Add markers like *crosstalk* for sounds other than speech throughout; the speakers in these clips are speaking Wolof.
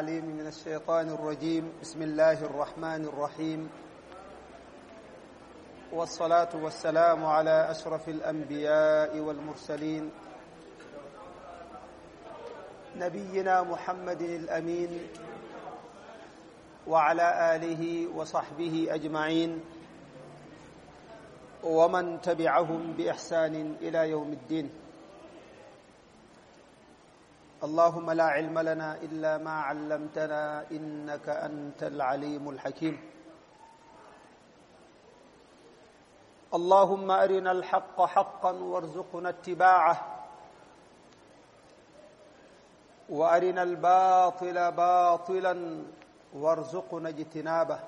العليم من الشيطان الرجيم بسم الله الرحمن الرحيم والصلاة والسلام على أشرف الأنبياء والمرسلين نبينا محمد الأمين وعلى آله وصحبه أجمعين ومن تبعهم بإحسان إلى يوم الدين اللهم لا علم لنا إلا ما علمتنا إنك أنت العليم الحكيم اللهم أرنا الحق حقا وارزقنا اتباعه وأرنا الباطل باطلا وارزقنا اجتنابه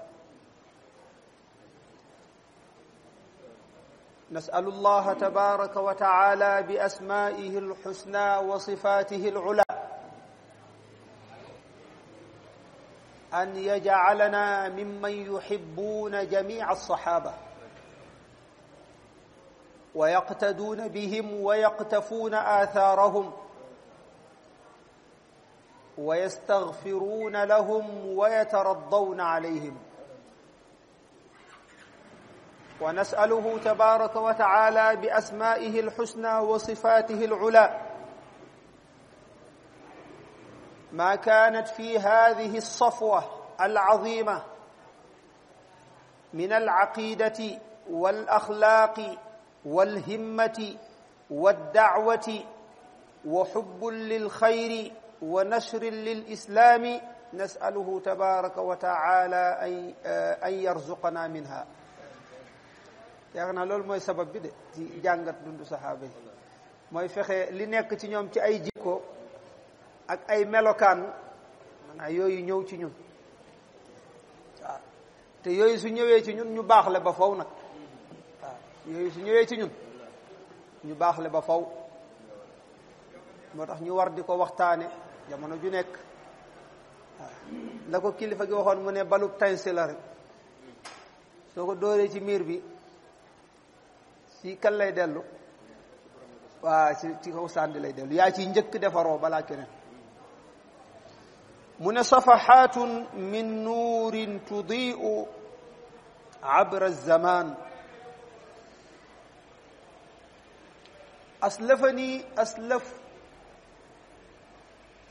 نسأل الله تبارك وتعالى بأسمائه الحسنى وصفاته العلى أن يجعلنا ممن يحبون جميع الصحابة ويقتدون بهم ويقتفون آثارهم ويستغفرون لهم ويترضون عليهم ونسأله تبارك وتعالى بأسمائه الحسنى وصفاته العلى ما كانت في هذه الصفوة العظيمة من العقيدة والأخلاق والهمة والدعوة وحب للخير ونشر للإسلام نسأله تبارك وتعالى أن يرزقنا منها yaakaar naa loolu mooy sabab bi de ci jàngat dundu saxaaba yi mooy fexe li nekk ci ñoom ci ay jikko ak ay melokaan maanaam yooyu ñëw ci ñun waaw te yooyu su ñëwee ci ñun ñu baax le ba faw nag waaw yooyu su ñëwee ci ñun ñu baaxle ba faw moo tax ñu war di ko waxtaane jamono ju nekk waaw la ko kilifa gi waxoon mu ne balub taynsi la rek soo ko dóoree ci miir bi si kan lay dellu waaw si ci kaw njëkk defaroo balaa keneen mu ne safahatun min nuurin tudiu abra zaman aslafani aslaf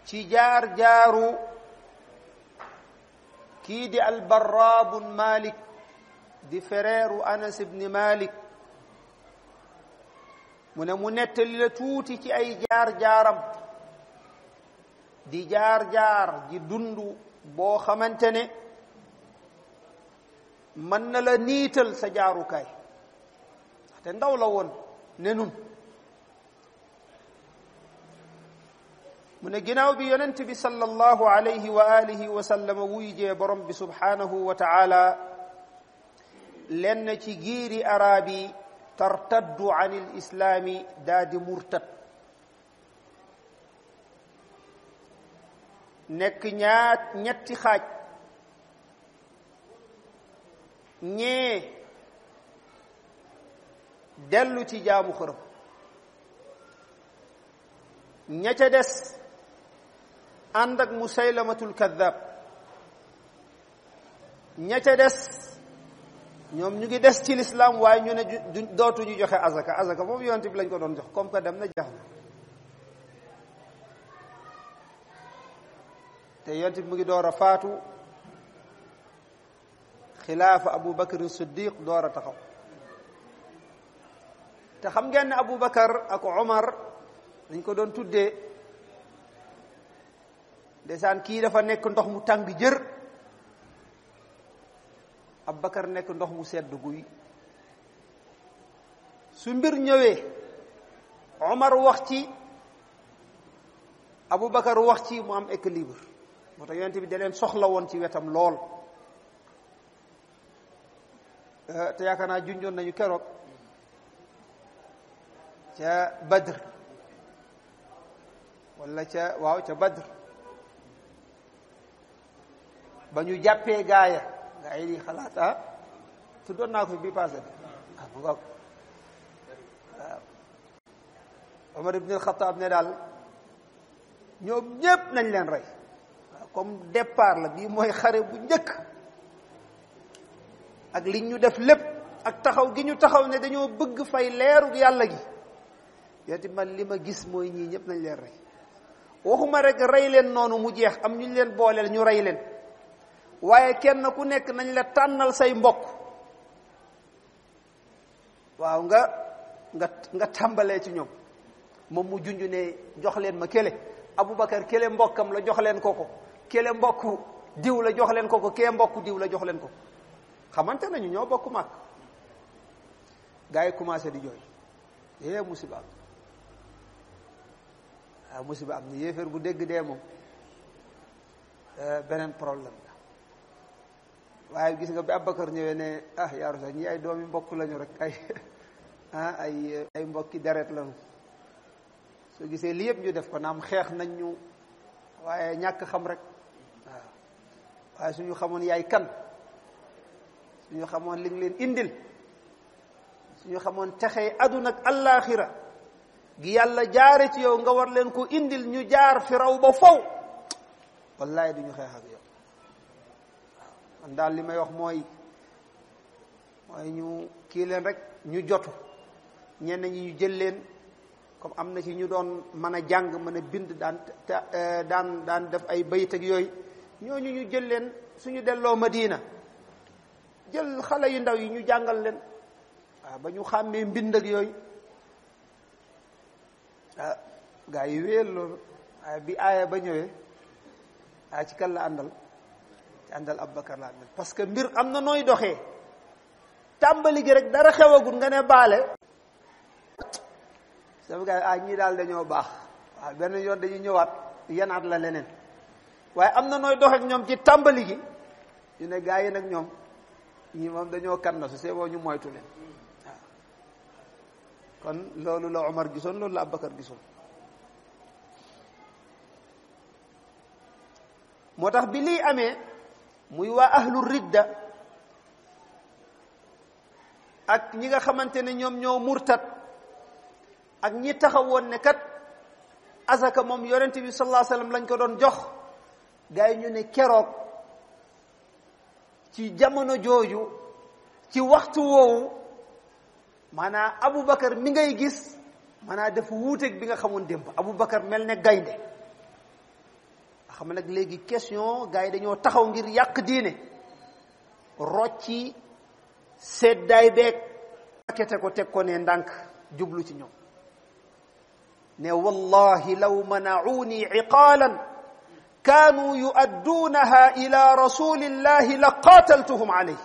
ci jaar jaaru kii di albarra malik di fereeru anas ibni malik mu ne mu nettali la tuuti ci ay jaar-jaaram di jaar-jaar ji dund boo xamante ne mën na la niital sa jaarukaay te ndaw la woon ne nun mu ne ginnaaw bi yonent bi sallallahu alayhi wa alihi wa sallama wuy jee bi subhanahu wa taala lenn ci giiri araab yi tartaddu du il islaami daa murtad nekk ñaat ñetti xaaj ñee dellu ci jaamu xërëm ña ca des ànd ak musaylamatul kaddaab ña ca des ñoom ñu ngi des ci lislam waaye ñu ne du dootuñu joxe azaka azaka moom yonent bi lañ ko doon jox comme que dem na jeex na te yonent bi mu ngi door a faatu xilaafa Abu Bakar Siddiq taxaw te xam ngeen ne Abu Bakar ak Omar dañ ko doon tuddee ndeysaan kii dafa nekk ndox mu tàng jër ab bakar nekk ndox mu sedd guy su mbir ñëwee omar wax ci abou bakar wax ci mu am équilibre moo tax yonent bi da soxla woon ci wetam lool eh, te yaakaar naa junjoon nañu keroog ca badr wala ca waaw ca badr ba ñu jàppee gaaya ay di xalaat ah tuddoon naa ko bi passé de ah ne daal ñoom ñépp nañ leen rey comme départ la bii mooy xare bu njëkk ak li ñu def lépp ak taxaw gi ñu taxaw ne dañoo bëgg fay leerug yàlla gi yonti man li ma gis mooy ñii ñépp nañ leen rey waxuma rek rey leen noonu mu jeex am ñu leen booleel ñu rey leen waaye kenn ku nekk nañ la tànnal say mbokk waaw nga nga nga tàmbalee ci ñoom moom mu junj ne jox leen ma abu Aboubacar kele mbokkam la jox leen ko ko kele mbokk diw la jox leen ko ko kee mbokk diw la jox leen ko xamante nañu ñoo bokk mag gars yi commencé di jooy yee eh, musiba am waaw ah, musiba am yéeféer bu dégg dee moom eh, beneen problème waaye gis nga bi Abubakar ñëwee ne ah yaa Rasul ñi ay doomi mbokk lañu rek ay *laughs* ah, ay ay mbokki deret lañu soo gisee lii yëpp ñu def ko naam xeex nañ ñu waaye ñàkk xam rek waaw waaye suñu xamoon yaay kan ñu xamoon li leen indil suñu xamoon texey àdduna ak allaaxira gi yàlla jaare ci yow nga war leen ko indil ñu jaar fi raw ba fow wallaay duñu xeex ak yow man daal li may wax mooy mooy ñu kii leen rek ñu jotu ñenn ñi ñu jël leen comme am na ci ñu doon mën a jàng mën a bind daan eh, daan daan def ay bayit ak yooyu ñooñu ñu jël leen suñu delloo ma Madina jël xale yu ndaw yi ñu jàngal leen waa ah, ba ñu xàmmee mbind ak yooyu ah gaa yi wéel loolu waaye ah, bi aaya ba ñëwee ah ci kan la àndal ci ab Aboubacar laa mel parce que mbir am na nooy doxee tàmbali gi rek dara xewagul nga ne baale sama gars ah ñii daal dañoo baax waaw benn yoon dañuy ñëwaat yanaat la leneen waaye am na nooy doxeek ñoom ci tàmbali gi ñu ne gaa yi nag ñoom ñi moom dañoo kan na su seeboo ñu moytu leen waaw kon loolu la Omar gisoon loolu la Aboubacar gisoon moo tax bi lii amee muy waa ahlu ridda ak ñi nga xamante ne ñoom ñoo murtat ak ñi taxawoon ne kat asaka moom yonent bi sallallahu alayhi lañ ko doon jox gaa yi ñu ne keroog ci jamono jooju ci waxtu woowu abu Aboubacar mi ngay gis maanaa dafa wuuteeg bi nga xamoon abu bakar mel ne gaynde xam nag léegi question gars yi dañoo taxaw ngir yàq diine rocci seddaay beeg pakete ko teg ne ndànk jublu ci ñoom ne wallahi law manacuuni ciqaalan kaanuu yuadduunaha ila rasulillahi la qaataltuhum alayh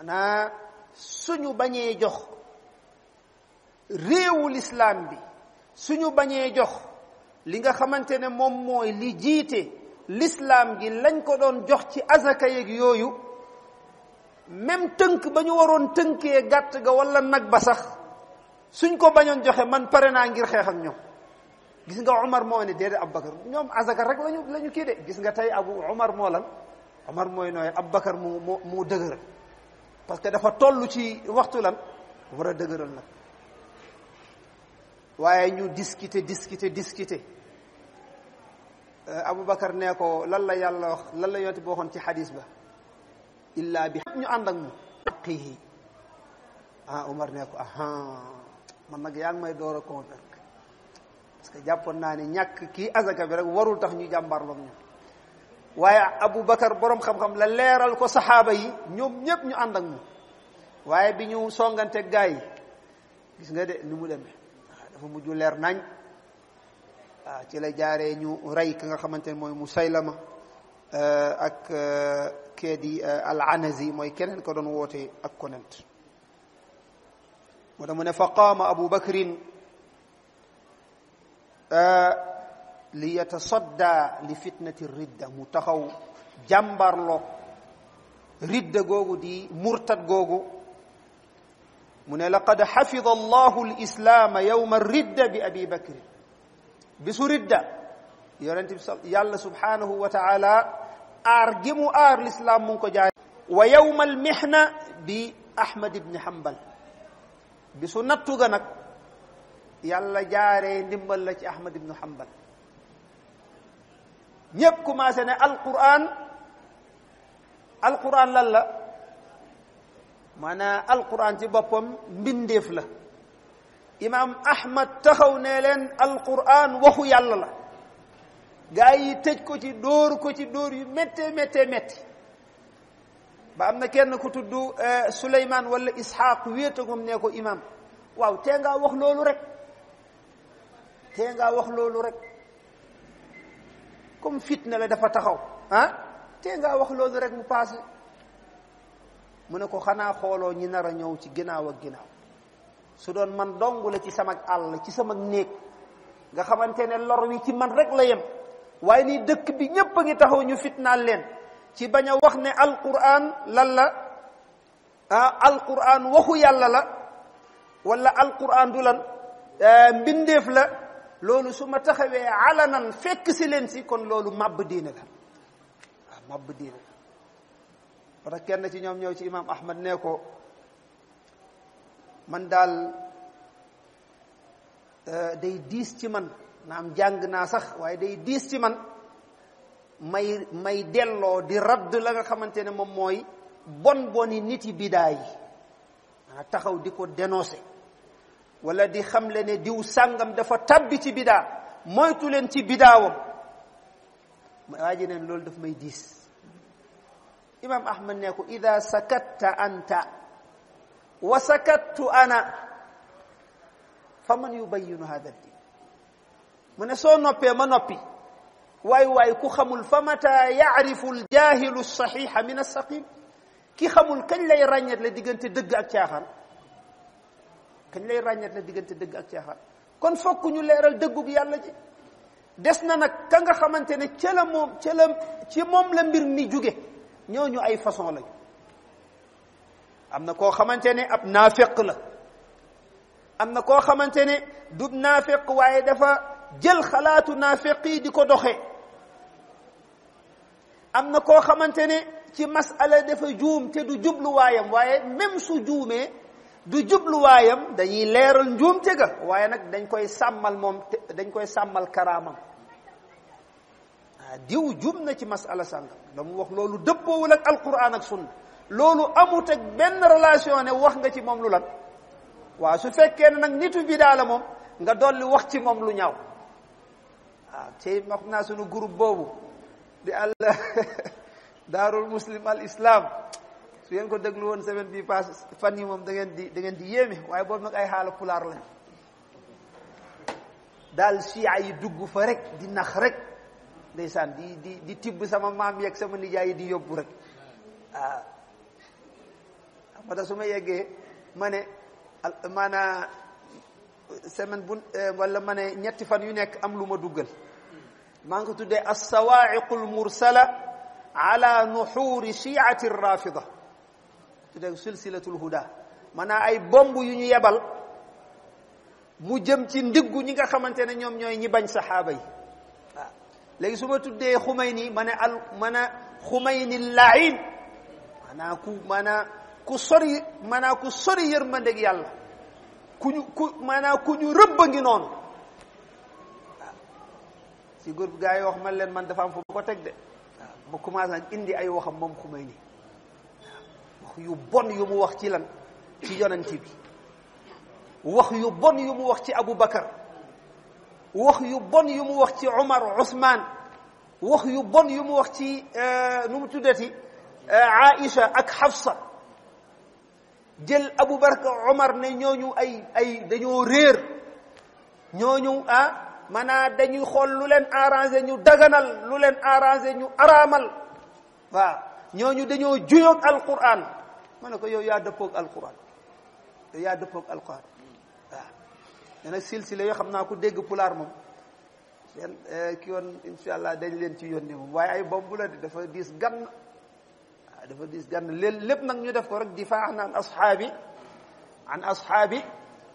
ana suñu bañee jox réewu lislaam bi suñu bañee jox li nga xamante ne moom mooy li jiite l'islam gi lañ ko doon jox ci azaka yeeg yooyu même tënk ba ñu waroon tënkee gàtt ga wala nag ba sax suñ ko bañoon joxe man pare naa ngir xeex ak ñoom gis nga Omar moo ne déedéet Aboubacar ñoom azaka rek lañu la ñu nga tey abu Omar moo lan Omar mooy nooy Aboubacar mu mu mu dëgëral parce que dafa toll ci waxtu lan war a dëgëral nag waaye ñu discuter discuter discuter. Eh, Aboubacar nee ko lan la yàlla wax lan la yonent boo xoon ci xadis ba illaa bi ñu àndak ak mu aqii ah, ko aha nag yaa ngi may door a convaincre parce que jàppoon naa ne ñàkk kii azaka bi rek warul tax ñu jàmbarloog ñun waaye Aboubacar borom xam-xam la leeral ko saxaaba yi ñoom ñëpp ñu àndak moom waaye bi ñu songante gaa yi gis nga de ni mu demee ah, dafa mujj leer nañ waaw ah, ci la jaaree ñu rey ki nga xamante ne mooy Musaylama eh, ak eh, kee di eh, al-Anazi mooy keneen ko doon woote ak konent moo mu ne fa qaama Abu Bakrin li yatasadda li fitnati ridda mu taxaw jàmbarloo ridda googu di murtad googu mu ne laqad xafida allahu al islaama yowma ridda bi abi bakrin bisu ridda yonent bi yàlla wa taala aar gi mu aar lislaam mu ngi ko jaay wa yawma almihna bi ahmad ibni hanbal bisu nattu ga nag yàlla jaaree ndimbal la ci ahmad ibnu hanbal ñépp commencé ne alquran alquran lan la maanaam alquran ci boppam mbindeef la imaam ahmad taxaw ne leen alquran waxu yàlla la gaa yi tëj ko ci dóor ko ci dóor yu méttee méttee metti ba am na kenn ku tudd eh, suleyman wala isxaaq wéetagum ne ko imaam waaw tee ngaa wax loolu rek tee ngaa wax loolu rek comme fitna la dafa taxaw ah ngaa wax rek mu paase mu ne ko xanaa xooloo ñi nar a ñëw ci ginnaaw ak ginnaaw su doon man dongu la ci sama àll ci sama néeg nga xamante ne lor wi ci man rek la yem waaye nii dëkk bi ñépp a ngi taxaw ñu fitnaal leen ci bañ a wax ne alquran lan la ah alquran waxu yàlla la wala alquran du lan eh, mbindeef la loolu su ma taxawee alanan fekk si leen si kon loolu màbb diine la ah, màbb diine la parce que kenn ci ñoom ñëw ci imam ahmad nee ko man daal eh, day diis ci man naam jàng naa sax waaye day diis ci man may may delloo di radd la nga xamante ne moom mooy bon boni nit yi bidaa yi taxaw di ko dénoncé wala di xamle ne diw sàngam dafa tabbi ci bidaa moytu leen ci bidaawam waa ji neen loolu dafa may diis imam ahmad ne ko ida sakatta anta wa sakat ana fa man yubayinu hada din mu ne soo noppee ma noppi waay waay ku xamul fa mata yaarifu aljahilu saxixa min alsaqim ki xamul kañ lay ràññet la diggante dëgg kañ lay ràññet la diggante dëgg ak caaxaan kon fokk ñu leeral dëggug yàlla ji des na nag ka nga xamante ne ca la moom la ci moom la mbir mi jóge ñooñu ay façon lañu am na koo xamante ne ab naafeq la am na koo xamante ne du naafeq waaye dafa jël xalaatu naafeq yi di ko doxee am na koo xamante ne ci masala dafa juum te du jubluwaayam waaye même su juumee du jubluwaayam dañuy leeral njuumte ga waaye nag dañ koy sàmmal moom dañ koy sàmmal karaamam ah, diw juum na ci masala sàngam la mu wax loolu dëppoowul ak alquran ak sunna loolu amut ak benn relation ne wax nga ci moom lu lan waaw su fekkee ne nag nitu bidaa la moom nga dolli wax ci moom lu ñaaw waaw tey ma naa sunu groupe boobu di àll *laughs* daarul muslim al islaam su ngeen ko déglu woon semaine bii passé fan yi moom dangeen di dangeen di yéeme waaye boobu nag ay xaala pulaar lañ daal chia yi dugg fa rek di nax rek ndeysaan di di di tibb sama maam yeeg sama nijaay yi di yóbbu rek moo tax su ma yeggee ma maanaa semaine bu eh, wala ma ñetti fan yu nekk am lu ma duggal maa ngi ko tuddee as-sawaa'iqu al-mursala ala nuxuuri shii'ati ar-raafida tuddee maanaa ay bomb yu ñu yebal mu jëm ci ndiggu ñi nga xamante ne ñoom ñooy ñi bañ saxaaba yi ma tuddee Xumayni ma ne al ma ne ku sori maanaa ku sori yërmandeeg yàlla ku ñu ku maanaa ku ñu rëbb a ngi noonu waaw si góor bi gaa yi wax man leen man dafa am ko teg de waaw mu commencé nag indi ay waxam moom xumay nii wax yu bon yu mu wax ci lan ci yonent bi wax yu bon yu mu wax ci Abu Bakar wax yu bon yu mu wax ci Umar Usmaan wax yu bon yu mu wax ci euh, nu mu tuddati euh, Aïcha ak Hafsa jël Abu Bakar Omar ne ñooñu ay ay dañoo réer ñooñu ah maanaa dañuy xool lu leen arrangé ñu daganal lu leen arrangé ñu araamal waaw ñooñu dañoo juyoog alquran ma ne ko yow yaa dëppoog alquran yow yaa dëppoog alquran waaw mais nag silsila yoo xam naa ku dégg pulaar moom yan eh, ki woon incha allah dañ leen ci yónni moom waaye ay bomb la di dafa diis gann dafa diis gànn lépp nag ñu def ko rek difaan an ashaabi an ashaabi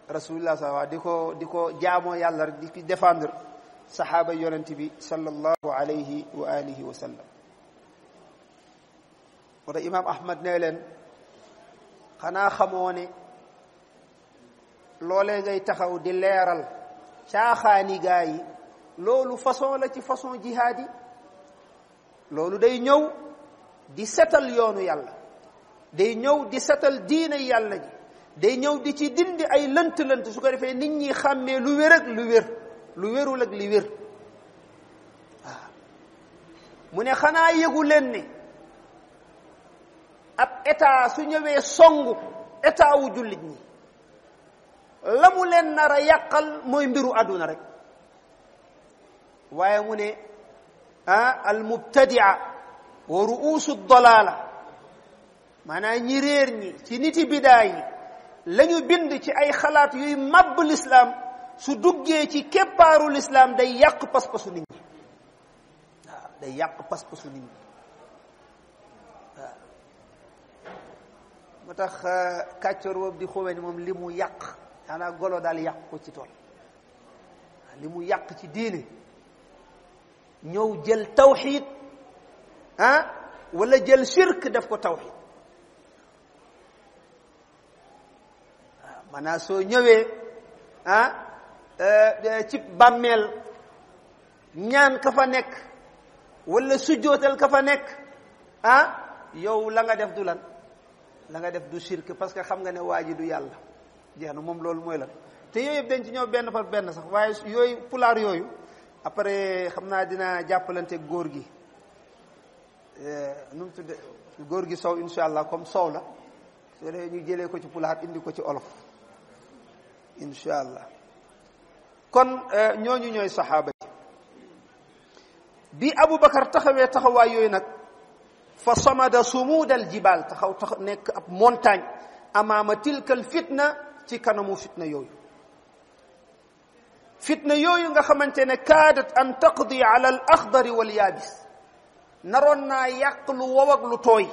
rasulillah di ko di ko jaamoo yàlla rek di ko défendre saxaaba yonent bi sallallahu alayhi wa alihi wa sallam wata imaam ahmad ne leen xanaa xamoo ne loolee ngay taxaw di leeral caaxaani gaa yi loolu façon la ci façon jihaad loolu day ñëw di setal yoonu yàlla day ñëw di setal diine yàlla ji day ñëw di ci dindi ay lënt-lënt su ko defee nit ñi xàmmee lu wér lu wér lu wérul ak li wér mu ne xanaa yegu leen ne ab état su ñëwee songu état wu jullit ñi la leen nar a yàqal mooy mbiru àdduna rek waaye mu ne ah al wa ruusu dalaala maanaam ñi réer ñi ci niti bidaa yi la ñu bind ci ay xalaat yuy màbb lislaam su duggee ci képpaaru lislaam day yàq pas-pasu nit ñi day yàq pas-pasu nit ñi waaw moo tax euh, kàccoor boobu di xówee ni moom li mu yàq daanaa golo daal yàq ko ci tool li mu yàq ci diine ñëw jël tawxiid ah walla jël shirk def ko taw waaw maanaam soo ñëwee ah ci bàmmeel ñaan ka fa nekk wala sujjootal ka fa nekk ah yow la nga def du lan la nga def du shirk parce que xam nga ne waa ji du yàlla jeex na moom loolu mooy lan te yooyu yëpp dañ ci ñëw benn par benn sax waaye yooyu pulaar yooyu après xam naa dinaa jàppalante góor gi Eh, nu mu tudde góor gi sow insha allah comme sow la soo ñu jëlee ko ci pulaar indi ko ci olof insha allah kon eh, ñooñu ñooy saxaaba yi bi abu Aboubacar taxawee taxawaay yooyu nag fa samada sumuudal jibaal taxaw tax nekk ab montagne amaama tilkal fitna ci kanamu fitna yooyu fitna yooyu nga xamante ne kaadat an taqdi ala al axdari wal yaabis naroon naa yàq lu wow ak lu tooy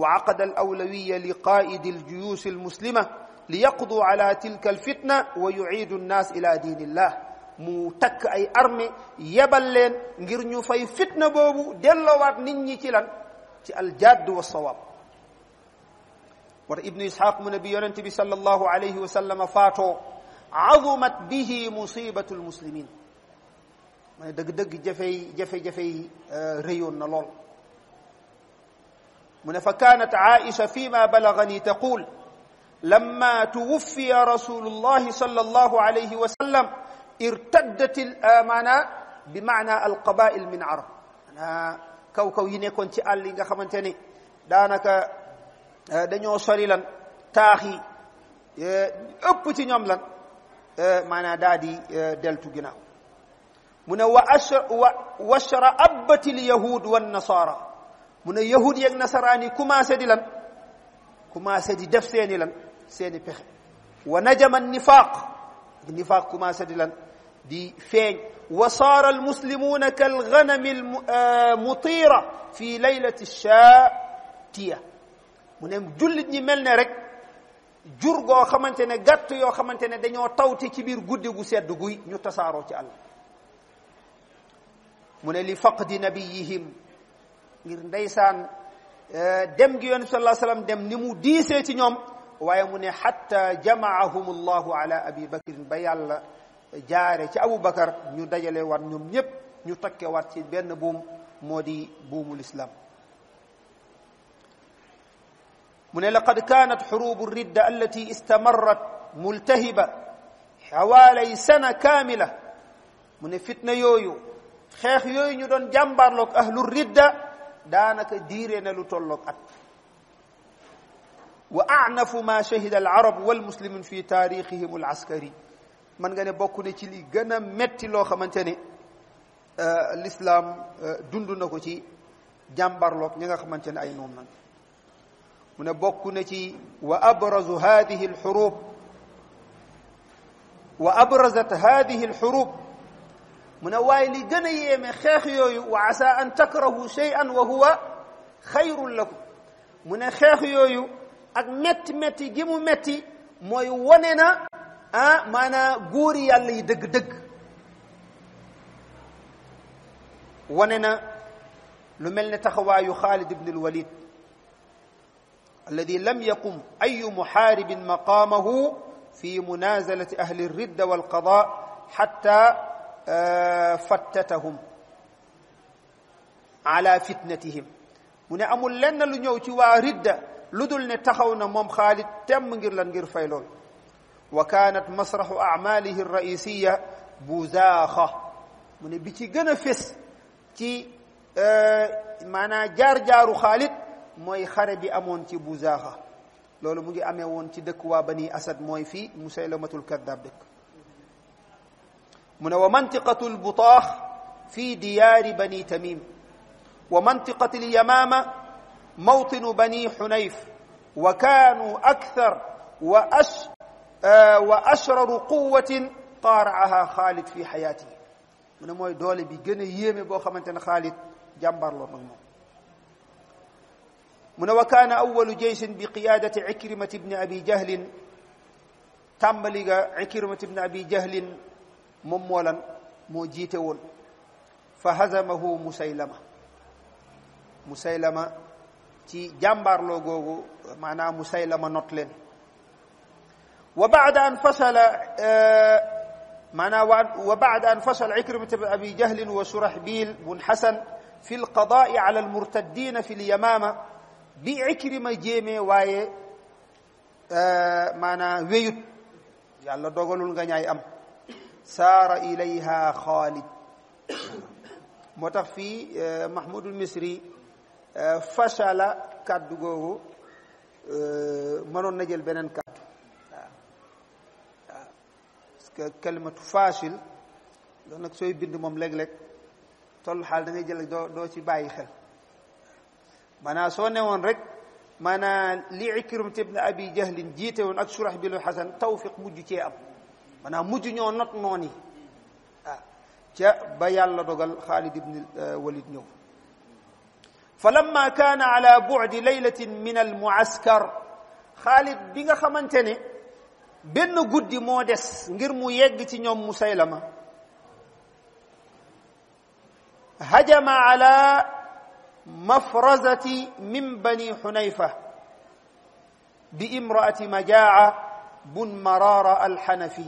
wa aqada al awlawiya li qaidi al juyuus al muslima li yaqdu ala tilka al fitna wa yuciidu nnaas ila diinillah mu takk ay armée yebal leen ngir ñu fay fitna boobu delloowaat nit ñi ci lan ci aljadd wa sawaab war ibnu isxaaq mu ne bi yonente bi sallallahu alayhi wa sallama faatoo azumat bihi musibatu almuslimin ma ne dëgg-dëgg jafey jafe-jafe yi euh, réyoon na lool mu ne fa kaanat aisha fi ma balagani taqul lamma tuwuffiya rasulullahi sallallahu alayhi wa sallam irtaddat al amana bi maana al qabail min arab ana kaw kaw yi nekkoon ci àll yi nga xamante ni daanaka euh, dañoo sori lan taax yi euh, ëpp ci ñoom lan maanaa daa di deltu ginnaaw mu a wa washra abbatil wan nasara mu ne yahud yeeg nasaraan yi commencé di lan commencé di def seeni lan seeni pexe wa najama nifaaq nifaaq commencé di lan di feeñ wa saara almuslimuuna kalganami almutiira eh, fi laylati shaatiya mu ne jullit ñi mel ne rek jur goo xamante ne gàtt yoo xamante ne dañoo tawte ci biir guddi gu sedd guy ñu tasaaroo ci àll mu ne li faqdi nabiyihim ngir ndeysaan e, dem gi yonent sallallahu alayhi wa sallam dem ni mu diisee ci ñoom waaye mu ne xatta jamaahum allahu ala abi bakrin ba yàlla jaare ci abu bakar ñu dajale waat ñoom ñépp ñu takke waat ci benn buum moo di buumu lislaam mu ne laqad kaanat xurubu ridda allati istamarrat multahiba xawaalay sana kaamila mu ne fitna yooyu xeex yooyu ñu doon jàmbaarloog ahlu ridda daanaka diire na lu tollook at wa anafu ma shahida al arab wal muslimun fi taarixihim al askari mën nga ne bokk na ci li gën a metti loo xamante ne euh, lislaam euh, dund ko ci jàmbarloog ñi nga xamante ne ay noon nan mu ne bokk na ci wa abrazu hadihi alxurub wa abrazat mu ne waaye li gën a yéeme xeex yooyu wa asa an takrahu shay'an wa huwa xayrun lakum mu ne xeex yooyu ak metti metti gi mu metti mooy wone na ah maanaam góori yàlla yi dëgg-dëgg wone na lu mel ne taxawaayu xaalid ibn alwalid alladi lam yaqum ayu muxaaribin maqaamahu fi munazalati ahli ridda walqada xatta fattatahum ala fitnatihim mu ne amul lenn lu ñëw ci waa ridda lu dul ne taxaw na moom Xaalid temm ngir la ngir fay lool wa kaanat masraxu amalihi raisiya buzaaxa mu ne bi ci gën a fés ci euh, maanaa jaar-jaaru Xaalid mooy xare bi amoon ci buzaaxa loolu mu ngi amee woon ci dëkk waa bani asad mooy fii musaylamatul kaddaab dëkk mu ne wa mantiqatu lbutaax fi diyaari bani tamim wa mantiqati lyamaama mawtinu bani xunayf wa kaanu akthar wa ash e, wa ashraru quwatin qaaraaha xaalid fi xayaatihi mu ne mooy doole bi gën a yéeme boo xamante ne xaalid jàmbarloo mag moom mu ne wa kaana awalu jeysin bi qiyaadati ikrimati bni abi jahlin tàmbali ga ikrimati bni abi jahlin moom moo lan moo jiite woon fa hazamahu musaylama musaylama ci jàmbaarloo googu maanaam musaylama not leen wa baada an fasala euh, maanaam wa baada an fasala ikrimata bin abi jahlin wa surahbil bun hasan fi alqadaai ala almurtaddina fi lyamama bi ikrima jéemee waaye euh, maanaam wéyut yàlla dogalul nga ñaay am saara ilayha xaalid moo tax fii euh, mahmudul misri euh, fashala kàddu googu euh, mënoon na jël beneen kàddu waaw parce que kalimatu fashil loolu nag sooy bind moom léeg-léeg tollu xaal da ngay jël doo ci bàyyi xel maanaam soo newoon rek maanaam li ikrimata ibn abi jahlin jiite woon ak surax bilu xasan tawfiq mujj cee am maanaam mujj ñoo not noon yi ah ca ba yàlla dogal xaalid ibn eh, walid ñëw fa lamma kaana ala bu'di laylatin min al mu'askar xaalid bi nga xamante ne benn guddi moo des ngir mu yegg ci ñoom musaylama hajama ala mafrazati min bani xunayfa bi imraati majaa bun maraara alxanafi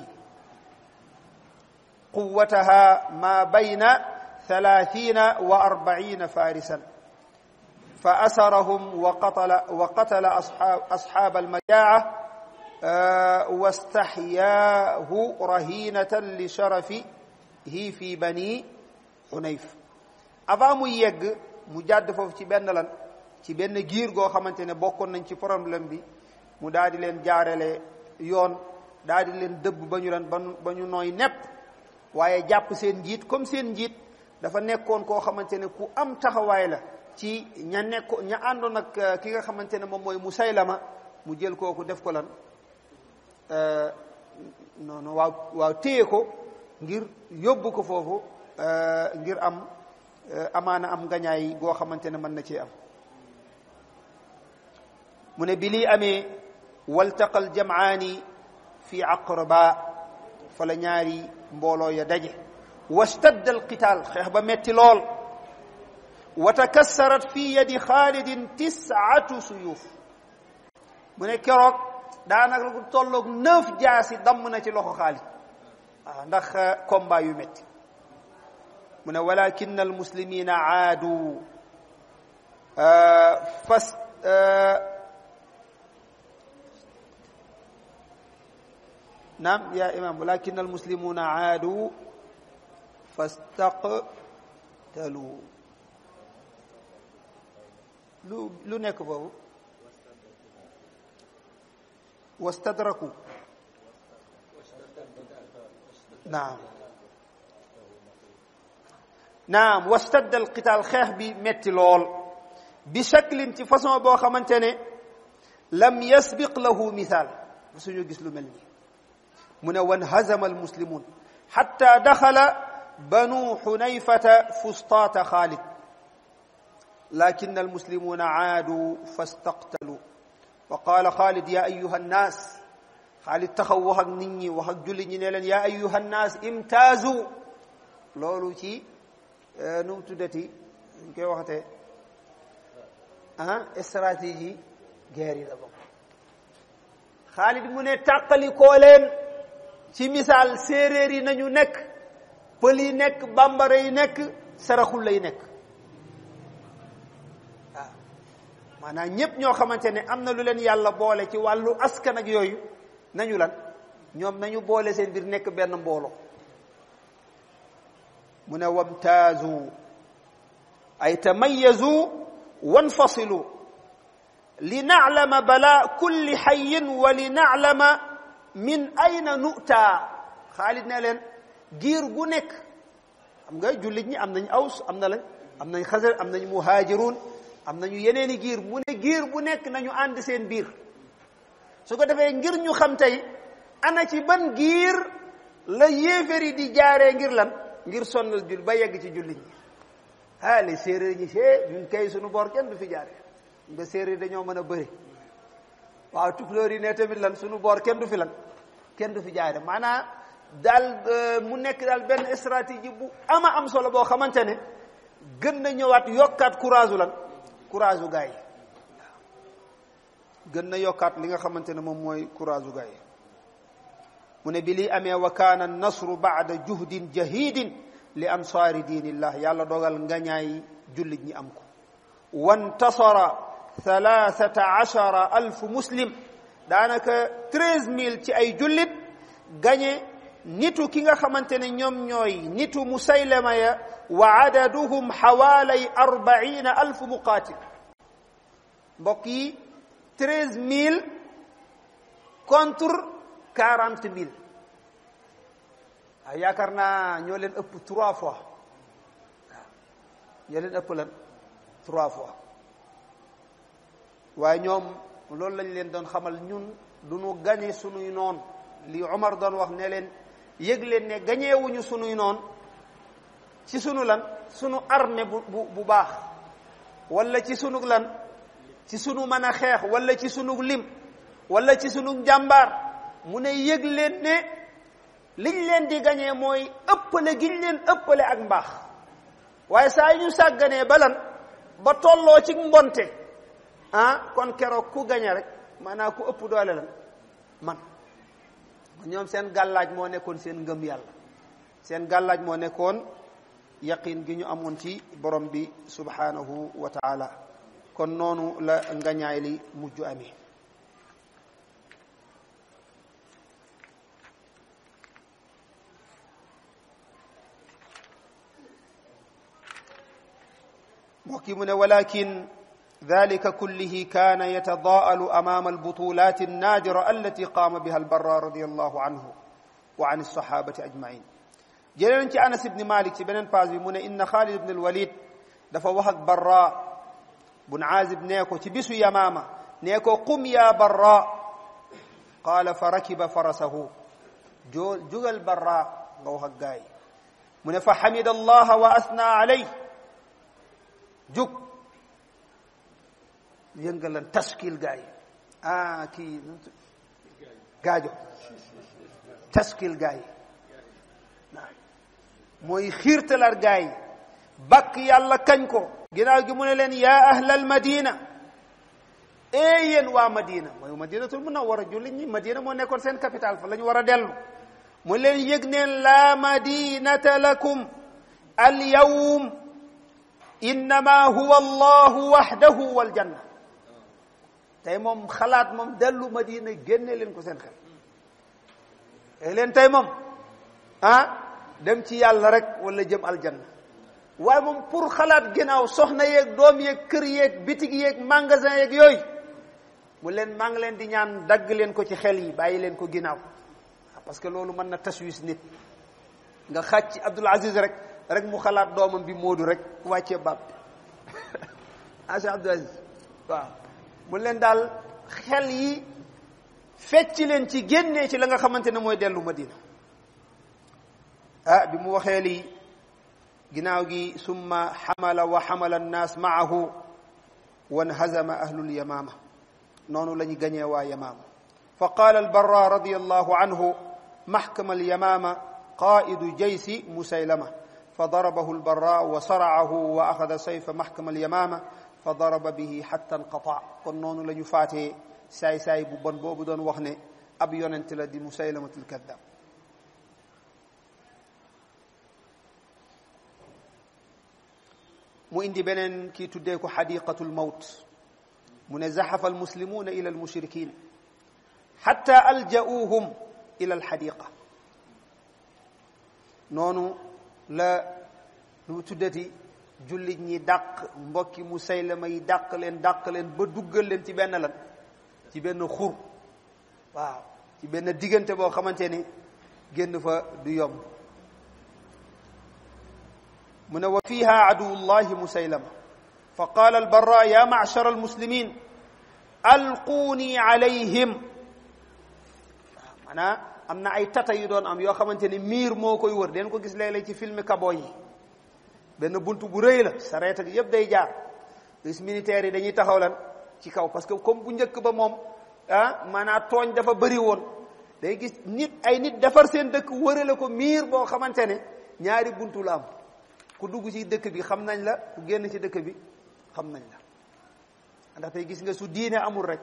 قوتها ما بين ثلاثين وأربعين فارسا فأسرهم وقتل, وقتل أصحاب, أصحاب المجاعة واستحياه رهينة لشرفه في بني xunayf avant mu yegg mu jàdd foofu ci benn lan ci benn giir goo xamante ne bokkoon nañ ci problème bi mu daal di leen jaarale yoon daal di leen dëbb ba ñu lan ba ñu nooy nepp waaye jàpp seen njiit comme seen njiit dafa nekkoon koo xamante ne ku am taxawaay la ci ña nekk ña àndoon ak euh, ki nga xamante ne moom mooy Musaylama mu jël kooku def ko lan euh, noonu non waaw waaw ko ngir yóbbu ko foofu euh, ngir am amaana am ngañaay goo xamante ne mën na cee am mu ne bi lii amee waltaqa aljamaani fi aqraba fa la ñaari mbooloo ya daje wastadda alqitaal xeex ba metti lool wa takassarat fi yadi xaalidin tisatu suyuuf mu ne keroog daanaka lu tolloog neuf jaasi damm na ci loxo xaalid waaw ah, ndax eh, combat yu metti mu ne walakin almuslimina aadu eh, fas eh, naam ya imam walakin almuslimuna aadu fastaqtalu lu lu nekk foofu wastadraku naam naam wastadda alqitaal xeex bi metti lool bi shaklin ci façon boo xamante ne lam yasbiq lahu misaal suñu gis lu mel nii mu ne wan hazama almuslimun xatta daxala banu xunayfata fustaata xaalid lakin almuslimuna aadu fastaqtalu wa qaala xaalid yaa ayuha annaas xaalid taxaw wax ak nit ñi wax ak jullit ñi ne leen yaa ayuha annaas imtaazu loolu ci eh, nu mu tuddati ñu koy waxatee ah stratégie guerre yi la bokk xaalid mu ne tàqalikoo leen ci misaal séeréer yi nañu nekk pël yi nekk bambara yi nekk saraxul lay nekk waaw ah, maanaam ñépp ñoo xamante ne am na lu leen yàlla boole ci wàllu askan ak yooyu nañu lan ñoom nañu boole seen biir nekk benn mbooloo mu ne wamtaazu ay tamayazu wanfasilu li na'lama bala kulli xayin wa li na'lama min ay ayna nu'ta xaalit ne leen giir gu nekk xam nga jullit ñi am nañ aws am na lañ am nañ xasar am nañ muhaajiruun am nañu yeneeni giir mu ne giir bu nekk nañu ànd seen biir su ko defee ngir ñu xam tey ana ci ban giir la yéeféri di jaaree ngir lan ngir sonnal jul ba yegg ci julli ñi haali séeréer ñi see ñun kay suñu bor kenn du fi jaaree nga séeréer dañoo mën a bëri waaw tukulóor yi ne tamit lan sunu boor kenn du fi lan kenn du fi jaay de maanaam daal euh, mu nekk daal benn stratégie bu ama am solo boo xamante ne gën na ñëwaat yokkaat courage lan courage u gën na yokkaat li nga xamante ne moom mooy courage u mu ne bi lii amee wa kaana nasru baada juhdin jahidin li ansaari diinillah yàlla dogal nga ñaay jullit ñi am ko wantasara thalathata achara alf daanaka treize ci ay jullit gañe nitu ki nga xamante ne ñoom ñooy nitu musaylama ya wa adaduhum xawaalay arbaina alf muqaatil mbokk yi treize mille contre quarante mille waaw ah, yaakaar naa ñoo leen ëpp trois fois waaye ñoom loolu lañ leen doon xamal ñun du ñu gañe sunuy noon li Omar doon wax ne leen yëg leen ne gañeewuñu sunuy noon ci sunu lan sunu armée bu bu baax wala ci sunu lan ci sunu mën a xeex walla ci sunu lim walla ci sunu jàmbaar mu ne yëg leen ne liñ leen di gañee mooy ëppale giñ leen ëppale ak mbaax waaye saa yu ñu sàgganee balan ba tolloo ci mbonte ah kon keroog ku gaña rek maanaam ku ëpp doole la man ñoom seen gàllaaj moo nekkoon seen ngëm yàlla seen gàllaaj moo nekkoon yaqin gi ñu amoon ci borom bi subhanahu wa taala kon noonu la ngañaay li mujj amee mbokk yi mu ne walakin ذلك كله كان يتضاءل امام البطولات النادره التي قام بها البراء رضي الله عنه وعن الصحابه اجمعين jëleen ci anas ibn malik ci beneen page bi mu ne inna xaalid ibn alwalid dafa wax ak barra bun aazib nee ko ci bisu yamaama nee ko qum ya barra qaala fa rakiba farasahu joo jugal barra nga wax ak gaay mu ne fa xamida allaha wa asna alayh jug yëngalan taskil gaay ah kii gaajo taskil gaay waaw mooy xiirtalar gaay bàkk yàlla kañ ko ginnaaw gi mu ne leen ya ahlal madina e yéen waa madina mooy madinatul munawwara jullit ñi madina moo nekkoon seen capital fa la ñu war a dellu mu leen yëg neen laa madinata lakum al yawm huwa allahu wahdahu wal janna tey moom xalaat moom dellu Madina génne leen ko seen xel tey leen tey moom ah dem ci yàlla rek walla jëm aljanna waaye moom pour xalaat ginnaaw soxna yeeg doom yeeg kër yeeg bitig yeeg magasin yeeg yooyu mu leen maa ngi leen di ñaan dagg leen ko ci xel yi bàyyi leen ko ginnaaw ah, parce que loolu mën na taswis nit nga xàcc ci Abdul Aziz rek rek mu xalaat doomam bi Moodu rek wàccee baab bi *laughs* ah, Abdul Aziz waaw. mu leen daal xel yi fecc leen ci génnee ci la nga xamante ne mooy dellu Madina ah bi mu waxee lii ginnaaw gi summa xamala wa xamala annaas maahu wan hazama ahlul yamaama noonu la ñu gañee waa yamaama fa qaala albarra radiyallahu anhu maxkama alyamaama qaa'idu jaysi musaylama fa darabahu albarra wa saraahu wa axada sayfa maxkama alyamaama fa daraba bihi xatta anqata kon noonu la ñu faatee saay-saay bu bon boobu doon wax ne ab yonent la di musaylamatul kaddab mu indi beneen kii tuddee ko xadiqatul mawt mu ne zaxafa almuslimuuna ila almushrikin xatta alja'uuhum ila alxadiqa noonu la lu tuddati jullit ñi dàq mbokki musaylama yi dàq leen dàq leen ba duggal leen ci benn lan ci benn xur waaw ci benn diggante boo xamante ni génn fa du yomb mu ne wa fiha aduwullahi musaylama fa qaala albarra ya ma'shar almuslimin am na ay tata yu doon am yoo xamante ni miir moo koy wër den ko gis léeg-léeg ci film kabo yi benn bunt bu rëy la sareet ak yëpp day jaar gis militaires yi dañuy taxaw lan ci kaw parce que comme bu njëkk ba moom ah maanaa tooñ dafa bëri woon day gis nit ay nit defar seen dëkk wërale ko miir boo xamante ne ñaari buntu la am ku dugg ci dëkk bi xam nañ la ku génn ci dëkk bi xam nañ la ndax tey gis nga su diine amul rek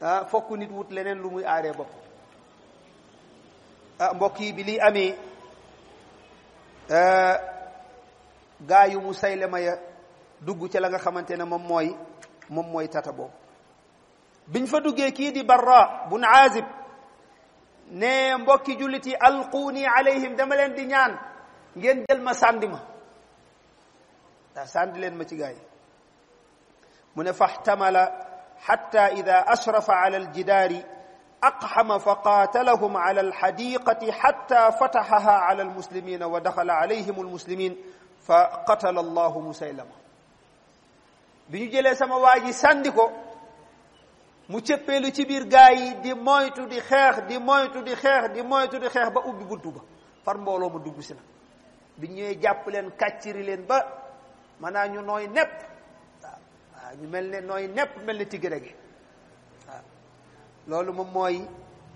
ah fokk nit wut leneen lu muy aaree bopp ah mbokk yi bi lii amee eh, gaa yu Musaylima ya dugg ca la nga xamante ne moom mooy moom mooy tata boobu biñ fa duggee kii di Barra bun Aazib ne mbokki jullit yi alquuni alayhim dama leen di ñaan ngeen jël ma sàndi ma daa sàndi leen ma ci gaa yi mu ne faxtamala xatta ida ashrafa ala aljidaari aqxama fa qaatalahum ala alxadiqati xatta fataxaha ala almuslimina wa daxala alayhim almuslimin fa qatala allahu musaylama bi ñu jëlee sama waa ji sàndi ko mu cëppeelu ci biir gaa yi di moytu di xeex di moytu di xeex ba ubbi buntu ba far mbooloo ma dugg si na bi ñëwee jàpp leen kàcciri leen ba maanaa ñu nooy nepp waaw waaw ñu mel ne nooy nepp mel ne tigre gi waaw loolu moom mooy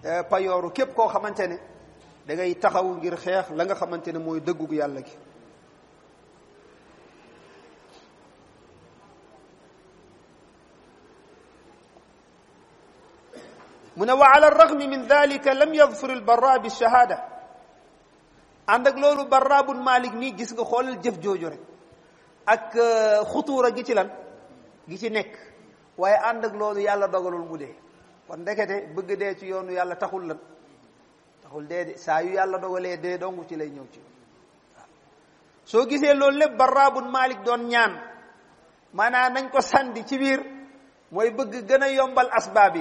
eh, payooru képp koo xamante ne da taxaw ngir xeex la nga xamante ne mooy dëggu yàlla gi mu ne wa ala ragmi min dalika lam yadfur al barra bi shahada ànd ak loolu barra bun malik gis nga xoolal jëf jooju rek ak euh, xutuura gi ci lan gi ci nekk waaye ànd ak loolu yàlla dogalul mu dee kon ndekete bëgg dee ci yoonu yàlla taxul lan taxul dee de saa yu yàlla dogalee dee dong ci lay ñëw ci soo gisee loolu lépp barra bun doon ñaan maanaam nañ ko sandi ci biir mooy bëgg gën a yombal asbaab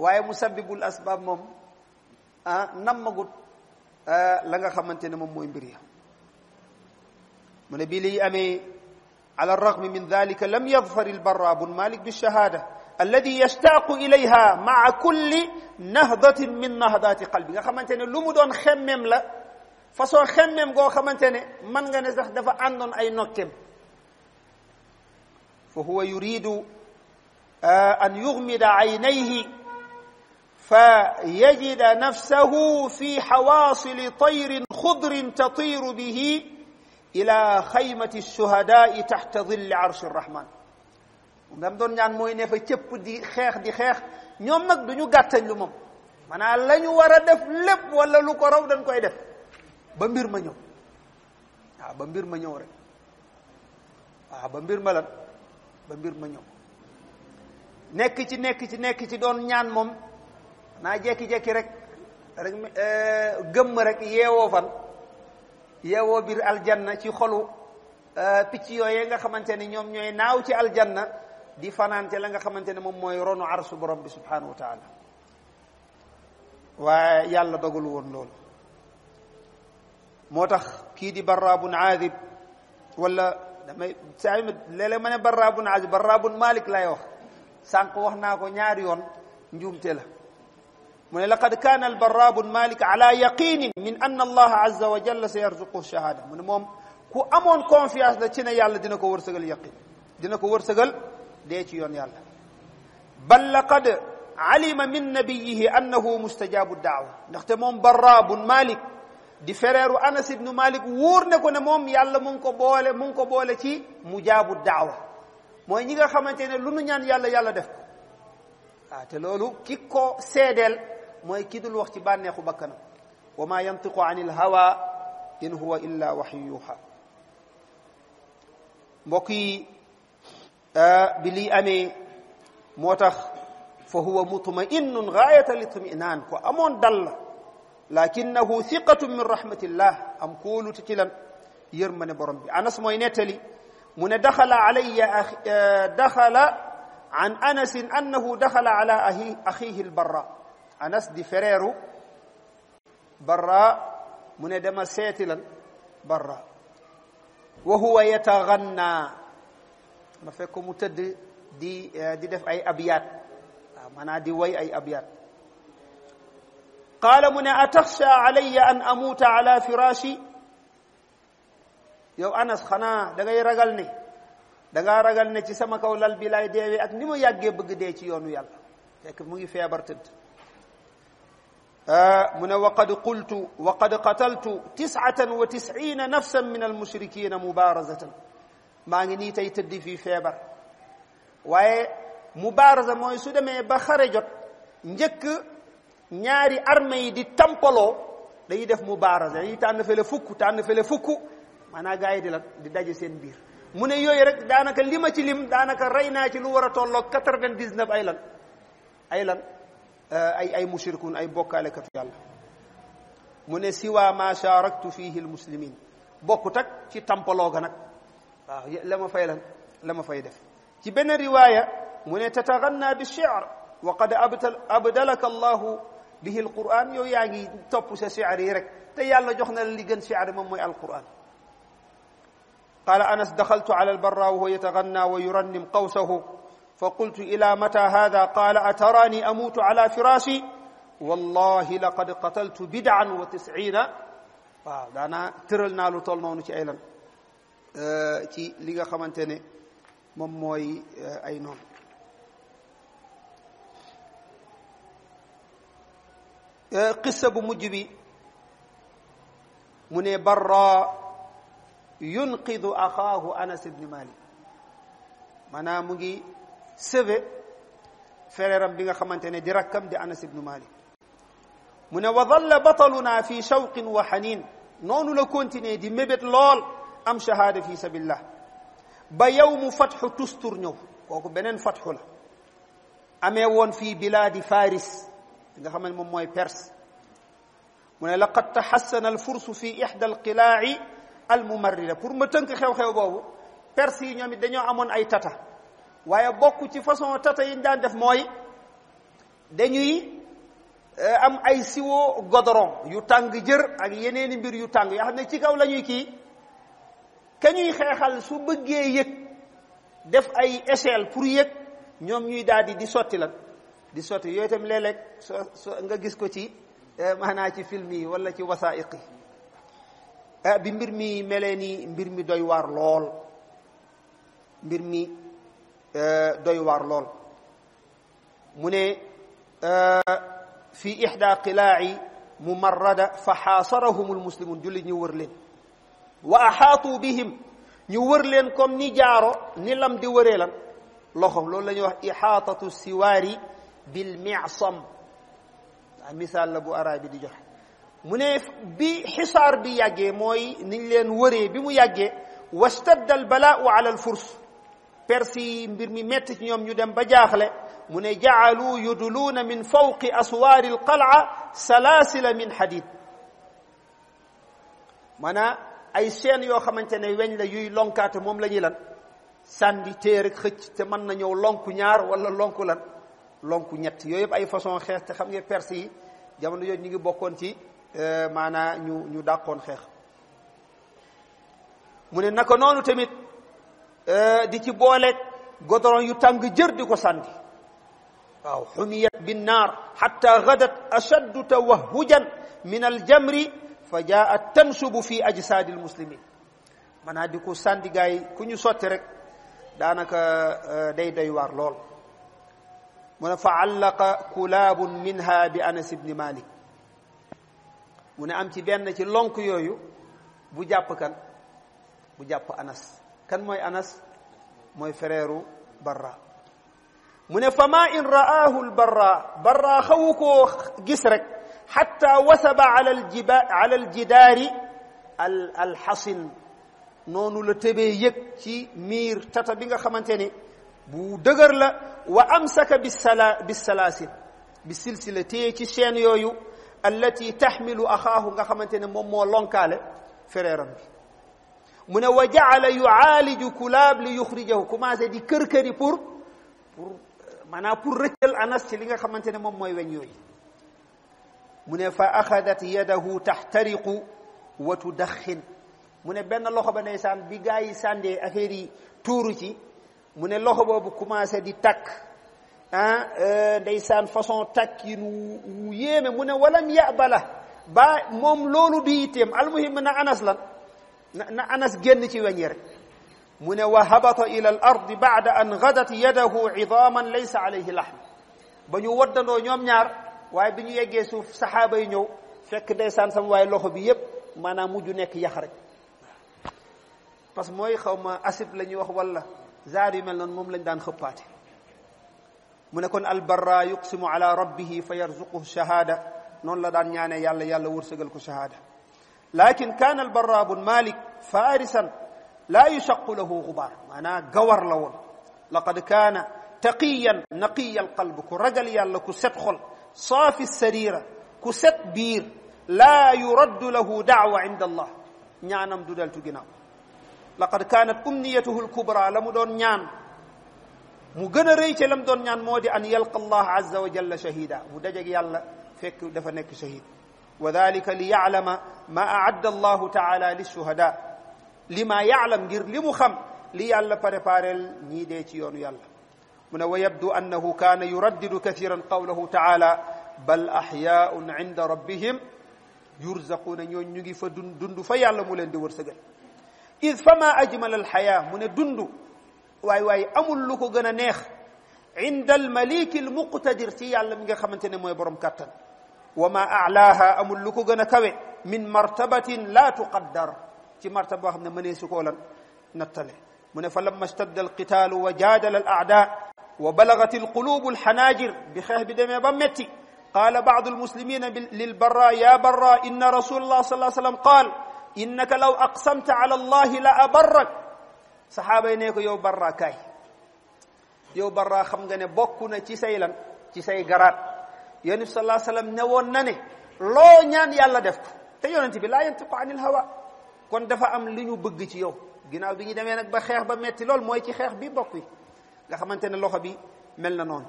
waaye musabbibul asbaab moom ah nammagut eh, la nga xamante ne moom mooy mbir ya mu ne bii liy amee ala ragmi min dalika lam yadfar albarra bun malik bilshahada alladi yashtaaqu ilayha maa kulli nahdatin min nahdaati qalbi nga xamante ne lu mu doon xemmeem la façon xemmeem goo xamante ne man nga ne sax dafa àndoon ay nokkeem fa huwa yuridu eh, an yugmida aynayhi فيجد نفسه في حواصل طير خضر تطير به إلى خيمة الشهداء تحت ظل عرش الرحمن dam doon ñaan mooy ne fa cëpp di xeex di xeex ñoom nag du ñu gàttañ lu moom maanaam la ñu war a def lépp wala lu ko raw dañ koy def ba mbir ma ñëw waaw ba mbir ma ñëw rek waaw ba mbir ma lan ba mbir ma ñëw nekk ci nekk ci nekk ci doon ñaan moom naa jekki-jekki rek rek eh, gëmm rek yeewoo fan yeewoo biir aljanna ci xolu eh, picc yooyee nga xamante ni ñoom ñooy naaw ci aljanna di fanaan fanaante la nga xamante ne moom mooy ronu arsu borom bi subhanahu wa taala waaye yàlla dogul woon loolu moo tax kii di barraabun aadib wala damay saa yu ma léeg-léeg ma ne barraabun aadib barraabun malik lay wax sànq wax naa ko ñaari yoon njuumte la mu ne laqad kaana albarraabu malik ala yaqinin min anna allaha azza wa jalla sa yarzuqu shahaada mu ne moom ku amoon confiance la ci ne yàlla dina ko wërsëgal yaqin dina ko wërsëgal dee ci yoon yàlla bal laqad alima min nabiyihi annahu mustajaabu daawa ndaxte moom barraabun malik di fereeru anas ibnu malik wóor ne ko ne moom yàlla mu ngi ko boole mu ngi ko boole ci mujaabu daawa mooy ñi nga xamante ne lu nu ñaan yàlla yàlla def ko waaw ah, te loolu ki ko seedeel mooy ki dul wax ci bànneexu bakkanam wa ma yantiqu an il hawa in huwa illa waxyu yuuxa mbokk yi bi lii amee moo tax fa huwa mutma'innun gaayata litminaan ko amoon dal la lakinnahu thiqatu min rahmatillah am kóolute ci lan yërmande borom bi anas mooy nettali mu ne daxala alayya daxala an anasin annahu daxala ala axiihi albarra anas di fereeru barra mu ne dama seeti lan barra wa huwa yataganna ma fekk mu tëdd di eh, di def ay abyaat waaw ah, maanaa di way ay abyaat qaala mu ne ataxsha alayya an amuuta ala firaashi yow anas xanaa da ragal ne da ragal ne ci sama kaw lal bi laay deewee ak ni mu yàggee bëgg dee ci yoonu yàlla fekk mu mu ne waqad qultu waqad qataltu tisatan wa tisina nafsan min almushrikina mubarazatan maa ngi nii tey tëddi fii feebar waaye mubaaraza mooy su demee ba xare jot njëkk ñaari armée yi di tampaloo dañuy def mubaaraza dañuy tànn fele fukk tànn fele fukk maanaa gars yi di la di daje seen biir mu ne yooyu rek daanaka lima ci lim daanaka rey naa ci lu war a tolloog quatre vingt dix ay lan ay lan ay ay mushrikun ay bokkaalekatu yàlla mu ne siwa ma sharaktu fihi lmuslimin bokkut ak ci tampaloo ga nag waaw la ma fay lan la ma fay def ci benn riwaaya mu ne tataganna bi shi'r wa qad abdalaka allahu bihi alquran yow yaa ngi topp sa shi'r yi rek te yàlla jox na la li gën shi'r moom mooy alquran qala anas daxaltu ala albarra wa huwa yataganna wa yurannim qawsahu فقلت إلى متى هذا قال أتراني أموت على فراشي والله لقد قتلت بدعا وتسعين waaw daana tëral naa lu toll noonu ci ay lan ci li nga xamante ne moom mooy ay noonu qissa bu mujj bi mu ne barra yunqidu axaahu anas ibni malik maanaam mu ngi sauvé frère am bi nga xamante ne di rakkam di anas ibnu malik mu ne wa dalla bataluna fi shawqin wa xanin noonu la continuer di mébét lool am shahada fi la ba yow mu fatxu tustur ñëw kooku beneen fatxu la amee woon fii bilaadi faris nga xamante moom mooy perse mu ne laqad taxassana alfursu fi ixda alqilaaci almumarrida pour ma tënk xew-xew boobu perse yi ñoom it dañoo amoon ay tata waaye bokk ci façon tata yi ñu daan def mooy dañuy eh, am ay siwo godoron yu tàng jër ak yeneeni mbir yu tàng yoo xam ne ci kaw lañuy ñuy kii ka ñuy xeexal su bëggee yëg def ay échelle pour yëg ñoom ñuy daal di sotti lan di sotti yooyu itam léeg-léeg soo soo nga gis ko ci eh, maanaa ci film yi walla ci wasaa wasaa'iq yi eh, bi mbir mi melee ni mbir mi doy waar lool mbir mi Euh, doy waar lool mu ne euh, fi ixda qilaaci mumarrada fa xaasarahum almuslimun jullit ñu wër leen wa axaatu bihim ñu wër leen comme ni jaaro ni lam di wëree lan loxo loolu la ñuy wax ixaatatu siwaari bil micsam misaal la bu arabi di joxe mu ne bi xisaar bi yàggee mooy niñ leen wëree bi mu yàggee wastadda albalaa ala alfurs perse mbir mi metti ñoom ñu dem ba jaaxle mu ne jaalu yuduluuna min fawqi aswaari alqalaa salaasila min hadid maanaa ay chaînes yoo xamante ne weñ la yuy lonkaate moom la ñuy lan sànni téer ak xëcc te mën na ñëw lonku ñaar wala lonku lan lonku ñett yooyu yëpp ay façon xeex te xam nga perse yi jamono yooyu ñu ngi bokkoon ci euh, maanaa ñu ñu dàqoon xeex mu ne naka noonu tamit Eh, di ci booleeg godoron yu tàng jër di ko sànni waaw xumiyat binnaar xatta gadat ashaddu tawahujan min aljamri fa jaat tansubu fi ajsaadi almuslimin maanaa di ko sànni gaa ku ñu sotti rek daanaka eh, day doy waar lool mu ne fa allaqa kulaabun minha bi anas ibni malik mu ne am ci benn ci lonk yooyu bu jàpp kan bu jàpp anas kan mooy anas mooy fereeru barra mu ne fama in ra'aahu lbarra barra xawu koo gis rek xatta wasaba ala aljiba ala aljidaari al alxasin noonu la tëbee yëg ci miir tata bi nga xamante ne bu dëgër la wa amsaka bisala bisalaasil bi silsila téye ci chaîne yooyu allati taxmilu axaahu nga xamante ne moom moo lonkaale fereeram bi mu ne wa jaala yuaaliju kulaab li yuxrijahu commencé di kër kër yi pour pour maanaam pour rëccal anas ci li nga xamante ne moom mooy weñ yooyu mu ne fa axadat yadahu taxtariqu wa tudaxin mu ne benn loxo ba ndeysaan bi gaa yi sàndee affaire yi tuuru ci mu ne loxo boobu commencé di takk ah euh, saan façon takk yi nu yéeme mu ne walam yabala ba moom loolu du yitteem almuhim na anas la na anas génn ci weñ yi ne wa habata ila al baada an gadat yadahu idaaman laysa alayhi lahm ba ñu waddandoo ñoom ñaar waaye bi ñu yeggee suuf saxaaba yi ñëw fekk ndeysaan sama waaye loxo bi yépp maanaam mujj nekk yax rek parce que mooy xaw ma asib la ñuy wax wala zaar yu mel noonu moom lañ daan xëppaate mu ne kon albarra yuqsimu ala rabbihi fa yarzuquhu shahada noonu la daan ñaanee yàlla yàlla wërsëgal ko shahada lakin kana albarabun malik farisan la yushaqu lahu gubaar maanaam gawar la woon laqad kaana taqiyan naqiya alqalb ku ragal yàlla ku set xol saafi sarira ku set biir laa yuraddu lahu daawa inda allah ñaanam du deltu ginnaaw laqad kaanat umniyatuhu alkubra la mu doon ñaan mu gën a rëy ci la mu doon ñaan moo di an yalqa allah azza wa jalla shahida mu dajeg yàlla fekk dafa nekk shahid wa dalika li yaalama ma aadda allahu taala lishuhada li ma yaalam ngir li mu xam li yàlla préparel ñii dee ci yoonu yàlla mu ne wa yabdu annahu kaana yuraddidu kathiran qawlahu taala bal axyaun inda rabbihim yurzaquuna ñooñ ñu ngi fa dund dund fa yàlla mu leen di wërsëgal id fama ajmal alxaya mu ne dund waay waay amul lu ko gën a neex inda almaliki almuqtadir ci yàlla mi nga xamante ne mooy borom kàttan wa ma alaaha amul lu ko gën a kawe min martabatin la tuqaddar ci martaba boo xam ne mënee su koo lan nattale mu ne fa lamma stadda alqitaalu wa jaadala al aada wa balagat alqulubu alxanaajir bi xeex bi demee ba metti qaala baadu almuslimina lilbarra ya barra inna rasul allah sal ai sallam qaal innaka law aqsamta ala allahi la abarrak saxaaba yi ne ko yow barra kaay yow barra xam nga ne bokk na ci say lan ci say garaat yonent bi sallallahu alayhi wasallam ne na ne loo ñaan yàlla def ko te yonent bi laa yantiqu anil hawa kon dafa am li ñu bëgg ci yow ginnaaw bi ñu demee nag ba xeex ba metti lool mooy ci xeex bi bokk yi nga xamante ne loxo bi mel na noon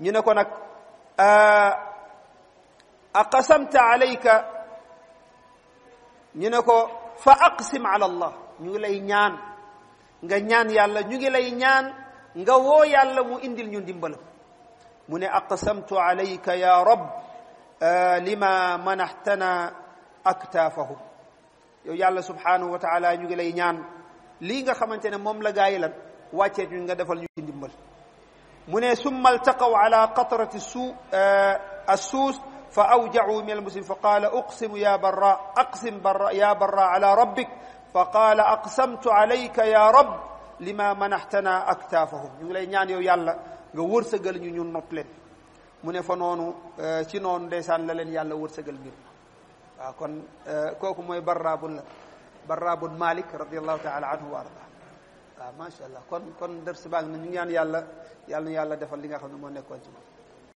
ñu ne ko nag ah, aqasamta alayka ñu ne ko fa aqsim ala allah ñu ngi lay ñaan nga ñaan yàlla ñu ngi lay ñaan nga woo yàlla mu indil ñu ndimbalam mu ne aqsamtu alayka ya rab eh, lima manaxtana aktaafahum yow yàlla subhanahu wa taala ñu ngi lay ñaan lii nga xamante ne moom la gaa yi lan wàccee ñu nga defal ñu ci ndimbal mu ne summa altaqaw ala qatrati su eh, assuus fa awjacuu min almuslim fa qaala uqsimu ya barra aqsim barra ya barra ala rabbik fa qaala aqsamtu alayka ya rab lima manaxtana aktaafahum ñu ngi lay ñaan yow yàlla nga wërsëgal ñu ñu nopp leen mu ne fa noonu eh, ci noonu desaan la leen yàlla wërsëgal mbir waaw kon eh, kooku mooy barraabun la barraabun malik radiallahu taala anhu wa arda waaw macha allah kon kon dër si baa ngi ñu ñaan yàlla yàlla nu yàlla defal li nga xam ne moo nekkoon ci moom